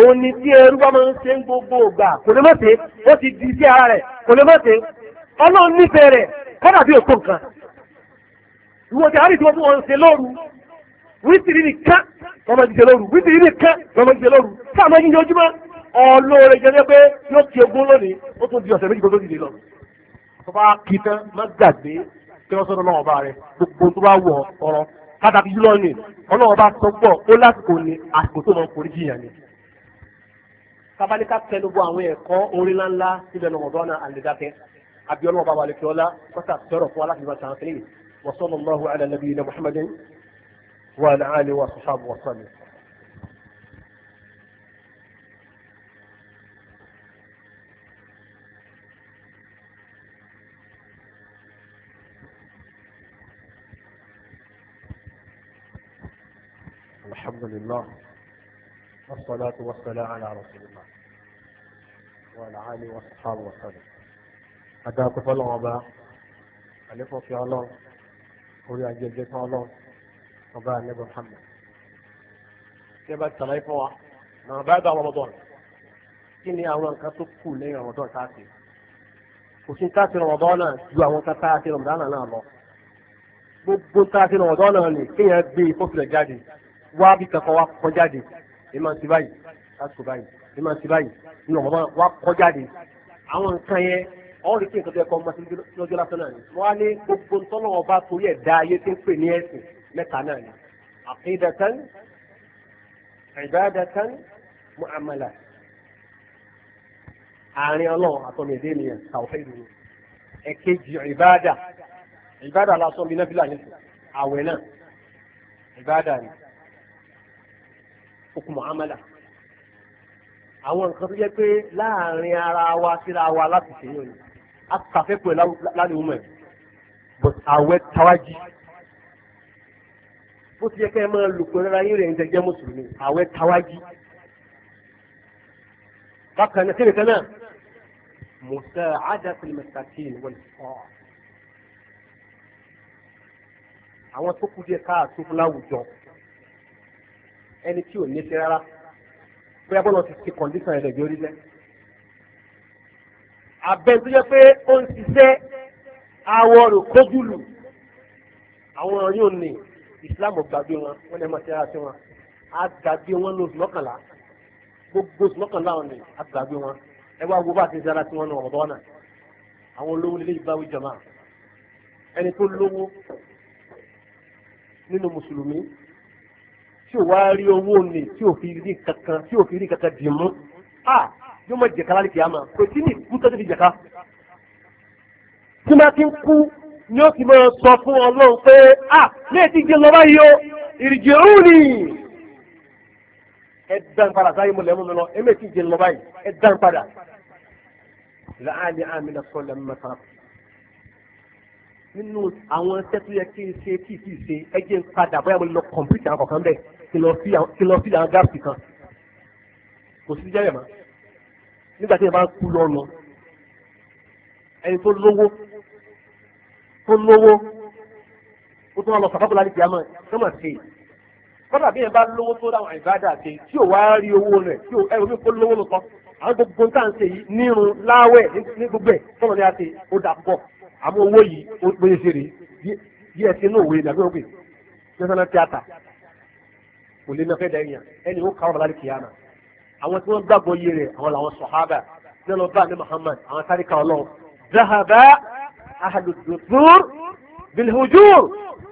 Speaker 1: òun ni tí ẹrú bá máa ń ṣe gbogbo ògbà kò lè mọ̀ sí ó ti di sí ara rẹ̀ kò lè mọ̀ sí ọlọ́run nífẹ̀ẹ́ rẹ̀ kọ́dà bí òkú nǹkan ìwọ̀n ti àárín tí wọ́n fún wọn ṣe lóru wítìrí nìkan lọ́mọ jíjẹ lóru wítìrí nìkan lọ́mọ jíjẹ lóru sáàmọ́ yíyan ojúmọ́ ọlọ́ọ̀rẹ́ jẹ́ pé yóò ti ogún lónìí ó tún di ọ̀sẹ̀ méjì gbogbo dìde lọ. tó bá kí tán má gbàgbé pé wọ́n sọ́dọ̀ lọ́wọ́ bá rẹ gbogbo tó bá wọ̀ ọ̀rọ̀ pàtàkì jùlọ ni ọlọ́wọ́ bá sọ gbọ́ ó lásìkò ni àsìkò tó mọ kórìí jìyàn ni. tábàlíkà tẹnubu àwọn ẹ̀kọ́ orin ńláńlá síbẹ̀ lọ́wọ́ bọ́ná àlè عبد الله بابا لك ولا فتا تروف ولا في مكان ثاني وصلى الله على نبينا محمد وعلى اله وصحبه وسلم الحمد لله والصلاة والسلام على رسول الله وعلى آله وصحبه وسلم adáko fọlọ́wọ́n ọba àlékòfin ọlọ́run orí ajẹjẹ fún ọlọ́run ọba àlẹ́bọ̀ hàmà ṣé bá tàlàyé fún wa màmá bá dá ọmọdọ́n kí ni àwọn nǹkan tó kù lẹ́yìn ọmọdọ́n káàkiri kò sí káàkiri ọmọdọ́n náà ju àwọn káàkiri ọmọdọ́n náà lọ gbogbo káàkiri ọmọdọ́n náà lè kéèyàn gbé ìfọ́sílẹ̀ jáde wá bí kankan wá kọ́ jáde ìmọ̀ sí báyìí lásìkò báyìí ìmọ̀ sí báyìí ní wá kọ́ jáde àwọn nǹkan yẹn ọ̀hún rí kí nǹkan tó yẹ kọ́ ọmọ sí lọ́jọ́ lásán náà ni wọ́n á ní gbogbo ntọ́nà ọba torí ẹ̀ dá ayé tí ń pè ní ẹ̀sìn mẹ́ta náà ni àkídàtán ìbádàtán mu'amala àárín ọlọ́run àtọ́nà èdè ènìyàn tàwọn ìlú ẹ̀kejì ìbádà ìbádà lásán mi náfìlà yẹn àwẹ̀ náà ìbádà ni okùn mu'amala àwọn nǹkan tó jẹ́ pé láàárín ara wa síra wa láti ṣe yóò ní àtàfẹ́kù ẹ̀ lálẹ́ òun but àwẹ̀ tawájí bó ti yẹ kẹ́ ẹ máa lò pé rárá yín rẹ̀ ń jẹjẹ́ mùsùlùmí àwẹ̀ tawájí bákan náà kíni kan náà musa adatul masakin wal fọ́ọ̀ àwọn tó kú díẹ̀ káàtó fún láwùjọ ẹni tí ò ní ṣe rárá bóyá bọ́lá ti ṣe kọ̀ǹdíṣàn ẹ̀ lẹ́gbẹ̀ẹ́ orílẹ̀-èdè abẹ́ tó jẹ́ pé ó ń ṣiṣẹ́ awọ rò kójúlù àwọn yóò ní islam gbàgbé wọn wọn lè máa ṣe ara sí wọn àgbàgbé wọn lóṣù mọ́kànlá gbogbo oṣù mọ́kànlá wọn ni àgbàgbé wọn ẹ wá wo bá ti ṣe ara sí wọn ní ọ̀dọ́ náà àwọn olówó nílé ìbáwí jọmọ ẹni tó lówó nínú mùsùlùmí tí ò wá rí owó ni tí ò fi rí kankan tí ò fi rí kankan dì mú ah! yóò mọ jẹ̀ka láti kìá máa kò sí ní ìkú tó ti fi jẹ̀ka. tí máa ti ń kú ni ó ti máa sọ fún ọlọ́run pé à lè ti gbé lọ báyìí o ìrìjì òun ni. ẹ dán padà sáyé mo lẹ́ mú mi lọ ẹ mẹ́ ti gbé lọ báyìí ẹ dán padà. láàlì àmì náà sọ lẹ́nu mẹ́ta. nínú àwọn iṣẹ́ tó yẹ kí n ṣe kí n sì ṣe ẹ jẹ́ n padà bóyá mo lọ kọ̀m̀pútà kọ̀ọ̀kan bẹ́ẹ̀ kí lọ sí àwọn gáàsì kan kò sí jẹ́rẹ̀ mọ́ nígbà tí ẹ bá kú lọ́nà ẹni tó lówó tó lówó ó tún wá lọ sàkókò láti jàmọ́ sọ́mọ̀ sí i kọ́dà bí ẹ bá lówó tó dáhùn àìbádà ṣe tí ò wá rí owó rẹ̀ tí ò ẹ̀rọ mi kó lówó lọ́kọ́ àwọn gbogbo tá à ń ṣe yìí nírun láwẹ̀ ní gbogbo ẹ̀ tọ́lọ̀ ní a ṣe ó dà pọ̀ àmọ́ owó yìí ó péye ṣe rè bí ẹ ṣe ní òwe ìdàgbé òkè national theatre kò lè nà fẹ́ dẹ́yìn ẹni ó kà ọ́ bàbá ní kìíyàmà àwọn tí wọ́n gbàgbọ́ yé rẹ̀ àwọn làwọn sọ̀hábà ní ọlọ́ba ní Muhammad àwọn sáríkà ọlọ́run zahaba ahadudur bilhujur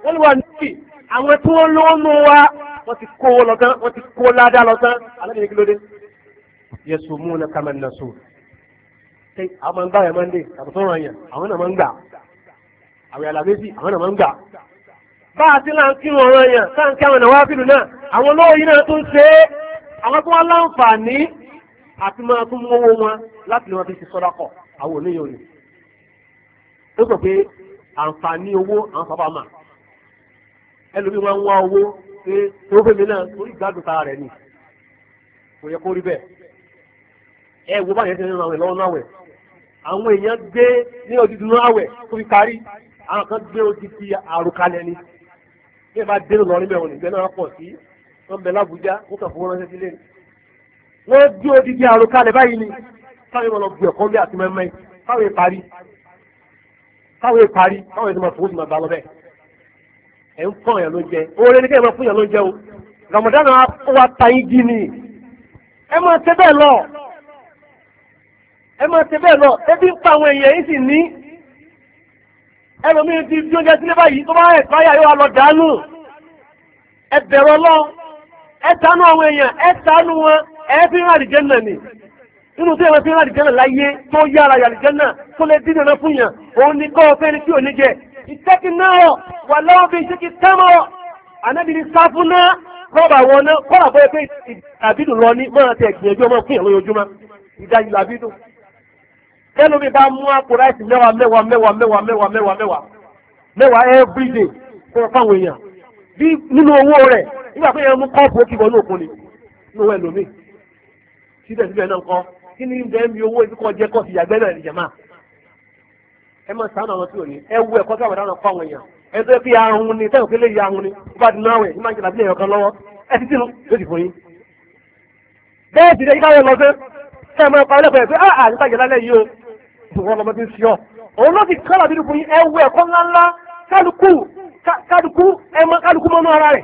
Speaker 1: wọ́n wà níbi àwọn tí wọ́n lọ́wọ́ nù wa wọ́n ti kó wọn lọ́tán wọ́n ti kó ládàá lọ́tán alábìyẹn kí ló dé. yẹsùn mú un kàmá nà sùn. àwọn máa ń gbà yẹn máa ń dé àbùtọ́ wọn yẹn àwọn náà máa ń gbà àwọn àlàmésì àwọn náà máa ń gbà. bá a ti láǹkì wọn yẹn sáǹkì àwọn náà wá àwọn tó wá láǹfààní àti máa tún mówó wọn láti lè wọn fi ṣe sọ́dọ̀kọ̀ àwọn oníyàn ni ó sọ pé àǹfààní owó àwọn sábà mà ẹlòmí wọn ń wá owó pé tó fèmí náà torí ìgbádùn tara rẹ̀ ni kò yẹ kó rí bẹ́ẹ̀ ẹ wo báyẹn ti ń ran àwọn lọ́wọ́ náà wẹ̀ àwọn èèyàn gbé ní odidi náà wẹ̀ kó fi kárí àwọn kan gbé odidi àrùkalẹ̀ ni bí ẹ bá dé lọ rí mẹ́wọ̀n nígbẹ́ náà pọ̀ sí wọ́n bẹ̀ lábújá wọ́n kàn fún wọn ránṣẹ́ sílé wọ́n gbé odidi àrùn kalẹ̀ báyìí ni káwé wọn lọ bu ẹ̀kọ́ bí àti mẹ́mẹ́ káwé parí káwé parí káwé tó máa fowó sí máa bá lọ bẹ́ẹ̀ ẹ̀ ń fọ́n yàn ló jẹ oore ní kẹ́hìn máa fún yàn ló jẹ o Ramadan wa ta yín jí ni ẹ máa tẹ bẹ́ẹ̀ lọ ẹ máa tẹ bẹ́ẹ̀ lọ ebi ń pa àwọn èèyàn yìí sì ní ẹlòmíín ti bí oúnjẹ sílé báyìí tó bá ẹ̀ fáyà yóò wá lọ dànù ẹ bẹ̀rọ lọ ẹ̀tánú àwọn èèyàn ẹ̀tánú wọn ẹ̀fí ń ni inú tí ẹ̀wọ̀n fi ń láyé tó yára yàdìjẹ́ tó lè dín ìrànà fún yàn òun ni kọ́ ọ̀fẹ́ ni tí ò ní jẹ ìtẹ́kì náà wà lọ́wọ́ bí ìṣẹ́kì tẹ́mọ̀ ànábì ní sáfún náà kọ́ọ̀bà wọn náà kọ́ọ̀bà bọ́ ẹgbẹ́ ìdàbídùn lọ ní máa tẹ ìgbìyànjú ọmọ fún ìròyìn ojúmọ́ ìdájì làbídùn kẹ́nu mi bá mú àpò mẹ́wàá mẹ́wàá mẹ́wàá mẹ́wàá mẹ́wàá mẹ́wàá mẹ́wàá mẹ́wàá everyday fún fáwọn èèyàn bí nínú owó rẹ̀ nígbà pé ẹ mú kọ́ọ̀pù ó ti wọnú òkun ni ní owó ẹlòmíì síbẹ̀síbẹ̀ náà kọ́ kí ni bẹ́ẹ̀ mi owó ibi kan jẹ́ kọ́ sí ìyàgbẹ́ náà nìjẹ̀má ẹ máa sàánù àwọn tí ò ní ẹ wú ẹ̀kọ́ tí àwọn dáná kọ́ àwọn èèyàn ẹ tó fi ahun ni sẹ́yìn òkèlè ya ahun ni bá ti náà wẹ̀ ní máa ń jẹ làbílẹ̀ ẹ̀yọ̀kan lọ́wọ́ ẹ ti tìlú yóò ti fún yín. bẹ́ẹ̀ ti dẹ́ yíká yẹn lọ sí ẹ máa pa ẹlẹ́fẹ̀ẹ́ pé áà ah, ah, nípa ìjẹ́lá lẹ́ yìí o ìwọ lọmọ ti ń fi ọ. òun ló ti kọ́ làbílẹ̀ fún yín ẹ wú ẹ̀kọ́ ńláńlá kálukú kálukú ẹ mọ kálukú mọ́nú ara rẹ̀.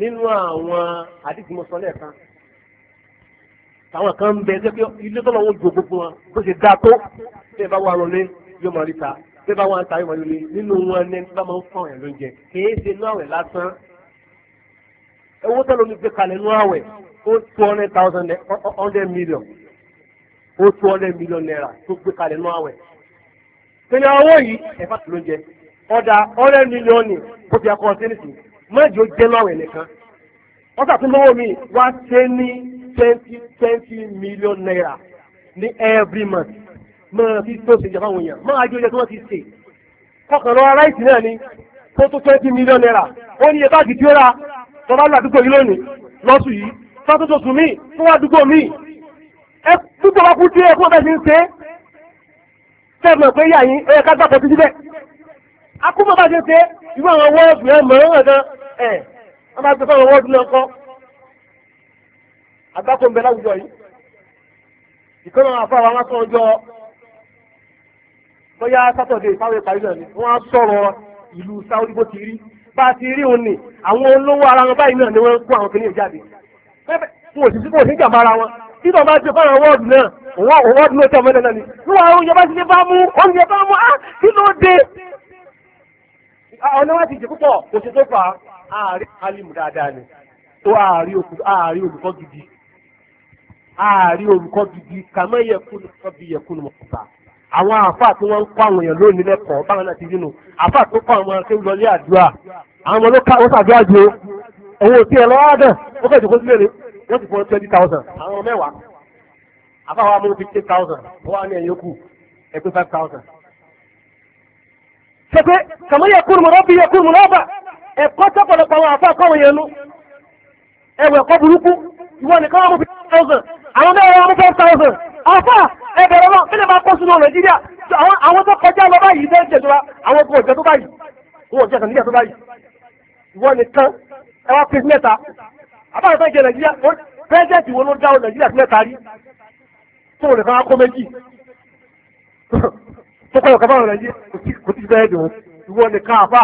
Speaker 1: nínú àwọn àdìgbìmọ̀sán lẹ́ẹ̀kan àwọn kan ń bẹ ẹgbẹ́ pé ilé tó lọ́wọ́ jò gbogbo wọn bó ṣe dáa tó bí ẹ bá wà lọlé yóò máa rí ta bí ẹ bá wà ń ta yóò máa rí lé nínú wọn ní ẹni tó bá máa ń fún àwọn lóúnjẹ kìí ṣe inú àwẹ̀ lásán owó tó lómi gbé kalẹ̀ inú àwẹ̀ ó two hundred thousand hundred million ó two hundred million naira tó gbé kalẹ̀ inú àwẹ̀ kíni owó yìí ẹ̀fà tó lóúnjẹ ọ̀dà hundred million ni kó fi akọ́ sí nìsín mọ́jọ jẹ́ lọ́rùn ẹnìkan wọ́n ṣàtúnlówó mi wá ṣe ní twenty twenty million naira ní every month máa fi tó ṣe ìjọba àwọn èèyàn máa jẹ́ oúnjẹ tí wọ́n ti ṣe kọkànlọ́ aláìsí náà ni tó tó twenty million naira ó ní iye báàgì tí ó ra tọ́lá ládùúgbò yìí lónìí lọ́sùn yìí fátótó mi. míì tó wá dúgbò míì ẹ púpọ̀ bá kú díẹ̀ kó bẹ́ẹ̀ ṣe ń ṣe é tẹ́ẹ̀mọ̀ pé yà yín ẹ̀ka gbàtọ̀ títí bẹ́ẹ̀ akúmọ̀ bá ṣe ń ṣe é àwọn wọ́ọ̀sì ẹ̀ mọ̀ ọ́n gan ẹ̀ wọ́n máa gbé fáwọn wọ́ọ̀dù náà kọ́ ń bẹ láwùjọ yìí ìkọ́nà wọn sọ ọjọ́ bóyá sátọ̀dé ìfáwọn ìparí ni wọ́n á sọ̀rọ̀ ìlú sáwọ́dì bó ti rí bá a ti rí òun ni àwọn olówó ara wọn báyìí náà ni wọ́n kó àwọn jáde ààrí alimu dáadáa ni tó ààrí olùkọ́ gidi ààrí olùkọ́ gidi kàmá yẹkùnú kọ́bí yẹkùnú mọ̀kùbà àwọn àfáà tí wọ́n ń kọ́ àwọn èèyàn lónìí lẹ́kọ̀ọ́ báwọn náà ti rí nu àfáà tó kọ́ àwọn akéwì lọ lé àdúrà àwọn ọmọ ló ká wọ́n sàdúrà ju owó tí ẹ lọ́wọ́ dàn ó kẹ́ ìdókòó sílẹ̀ ni wọ́n ti fọ́ twenty thousand àwọn mẹ́wàá àfáà wa mú fifteen thousand wọ́n á ní ẹ̀yìn okù ẹgbẹ́ five thousand. ṣe pé kàmá yẹkùnú mọ̀rọ́bì yẹkùnú mọ̀rọ́bà ẹ̀kọ́ tọ́pọ̀lọpọ̀ àwọn àfọ́ àkọ́wọ̀ yẹn nú ẹ̀wọ̀ ẹ̀kọ́ burúkú ìwọ nìkan wọn mú fi five thousand àwọn mẹ́rin wọn mú five thousand àfọ́ ẹ̀bẹ̀rẹ̀ wọn kí ni máa kó sínú Nàìjíríà àwọn tó kọjá lọ báyìí bẹ́ẹ̀ jẹ̀jọba àwọn kò jẹ́ tó báyìí kò jẹ́ kàn níjà tó báyìí ìwọ nìkan ẹ wá pèsè mẹ́ta àbáyọ̀ fẹ́ jẹ Nàìjíríà pẹ́ẹ́dẹ́ẹ̀tì wo ló dá ọ Nàìjíríà sí mẹ́ta rí tó nìkan wá kó méjì tó kọ́ ọ̀kan báwọn Nàìjíríà kò tí fẹ́ẹ́ dùn ìwọ nìkan àfà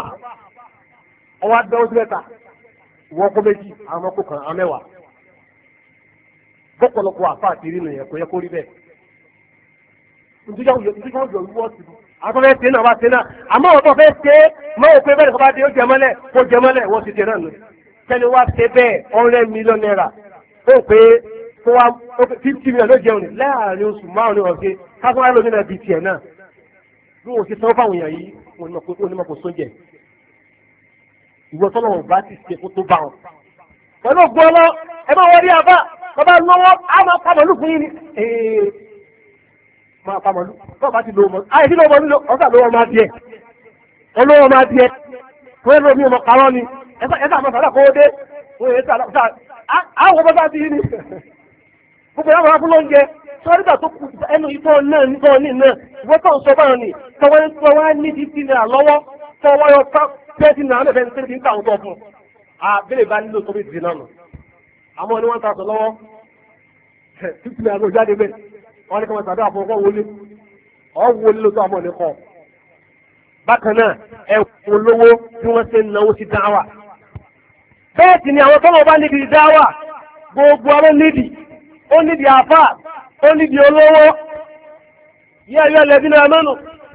Speaker 1: ọwọ́ abẹ́wọ́ sí mẹ́ta wọ́n kó méjì àwọn ọkọ̀ kan àwọn mẹ́wàá bọ́pọ̀lọpọ̀ àfa àti ìrìnà yẹn kò yẹ kó rí bẹ́ẹ̀ ntújọ́ yọ wọ́ sí i àtọ́fẹ́ tẹ́ náà wá tẹ́ náà àmọ́ ọ̀tọ́ fẹ́ tẹ́ mọ́wọ́ pé bẹ́ẹ̀ kọ́ba dé ó jẹ mọ́lẹ̀ kó jẹ mọ́lẹ̀ wọ́n ti tẹ́ náà nù kẹ́ni wá tẹ́ bẹ́ẹ̀ ọ̀rẹ́ mílíọ̀n náírà ó pé kó wá fífítì mílíọ̀n ló jẹun ní láàrin oṣù márùn ọ̀sẹ̀ káfíńwá lónìí bìtì ẹ̀ náà bí wọ́n ti sanwó fáwọn èèyàn yìí wọ́n ní ìwọ tọ́lọ̀ wọn bá ti ṣe kó tó bá wọn. pẹ̀lú ògbó ọlọ́ ẹ máa wọlé àbá bàbá lọ́wọ́ á máa pa màlúù fún yín ni. máa pa màlúù bá bá ti lo ọmọ ayé tí lọ́wọ́ nílò ọ̀sà lọ́wọ́ máa di ẹ̀ ọlọ́wọ́ máa di ẹ̀ fún ẹ̀rọ mi ọmọ parọ́ ni ẹ̀sà àmọ́ sàdà kówó dé àwọn bàbá ti yí ni gbogbo yàrá wọn fún lóúnjẹ sọ́rígbà tó kù ẹnu ìtọ́ náà nígbà ní náà ìwọ́n tó ń sọ báyọ̀ ni tọwọ́ ń tọwọ́ ní ti ti nira lọ́wọ́ tọwọ́ yọ tẹ́tí náà lẹ́fẹ̀ẹ́ ní tẹ́tí ń tàwọn tó fún abẹ́lẹ̀ bá nílò tó fi dì náà nù àmọ́ ní wọ́n ta sọ lọ́wọ́ títí náà ló jáde bẹ́ẹ̀ wọ́n ní kí wọ́n tàbí àfọwọ́ wọlé ọ̀ wọlé ló tó àmọ́ ní kọ́ bákan náà ẹ wọ lówó tí wọ́n ṣe ń náwó sí dáwà bẹ́ẹ̀ ni àwọn tọ́mọ bá níbi dáwà gbogbo ọ̀rọ̀ nídìí ó nídìí àfà ó nídìí olówó yẹ́ ẹ̀yọ́ lẹ́bí náà mẹ́nu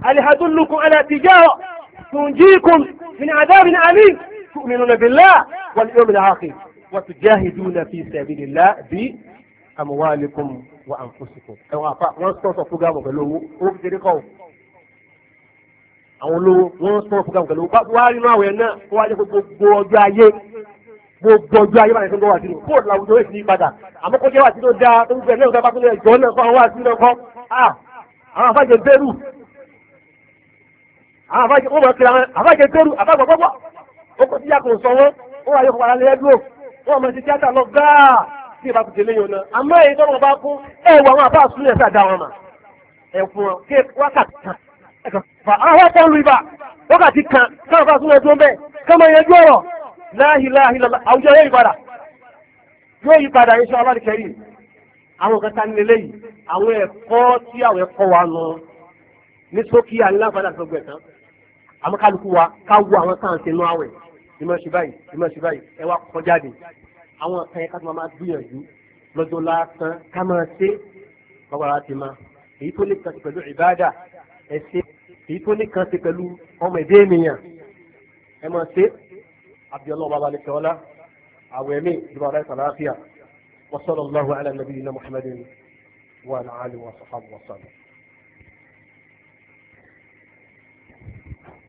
Speaker 1: alihadulukun ẹlẹ́tìjẹ́ ننجيكم من عذاب أليم تؤمنون بالله واليوم الآخر وتجاهدون في سبيل الله بأموالكم وأنفسكم ẹ̀wọ̀n àfa wọ́n sọ̀rọ̀ fúgàmù pẹ̀lú owó owó kékeré kọ́ àwọn olówó wọ́n sọ̀rọ̀ fúgàmù pẹ̀lú owó wá nínú náà kó wá jẹ́ gbogbo ọjọ́ ayé gbogbo ọjọ́ ayé báyìí tó ń bọ̀ wá sínú kóòtù làwùjọ yóò sì padà àmọ́ kó jẹ́ wá sínú dáa tó ń bẹ̀ náà tó bá tó lè jọ́ náà kó àwọn wá sínú náà ah! àwọn àfáàjẹ bẹ́rù àwọn àbájẹ àbájẹ gbèrú àbájẹ gbọ́gbọ́ ó kò sí yàtọ̀ sọ wọn ó wà yóò fọwọ́ alẹ́ dúró wọn mọ̀ sí tíátà lọ gbáà tí ìbá kò délé yòó náà àmọ́ èyí tọ́wọ́ bá kú ẹ wọ àwọn àbá àsúnyẹ̀ sí àdá wọn mà ẹ fún wọn kí wákàtí kan ẹ kàn fà áwọn ọkọ̀ ń lu ibà wákàtí kan káwọn bá àsúnyẹ̀ tó ń bẹ̀ káwọn ẹ̀kọ́ tí àwọn ẹ̀kọ́ wa lọ ní sókí àníláfàdà tó gbẹ̀ àmọ́ kálukú wa ká wo àwọn sáǹsì inú àwẹ̀ ìmọ̀ ṣe báyìí ìmọ̀ ṣe báyìí ẹ wá kọ́ jáde àwọn kan yẹn ká tó máa máa gbìyànjú lọ́jọ́ lásán ká máa ṣe bàbára ti ma èyí tó lè kan ṣe pẹ̀lú ìbáàdà ẹ ṣe èyí tó lè kan ṣe pẹ̀lú ọmọ ẹ̀dẹ́ ènìyàn ẹ máa ṣe abiyallahu baba alẹ́ sọ́lá àwẹ̀ mi ìjọba aláìsàn aláàfíà wa sallallahu ala nabiyina muhammadin wa ala alihi wa sahbihi wa sallam.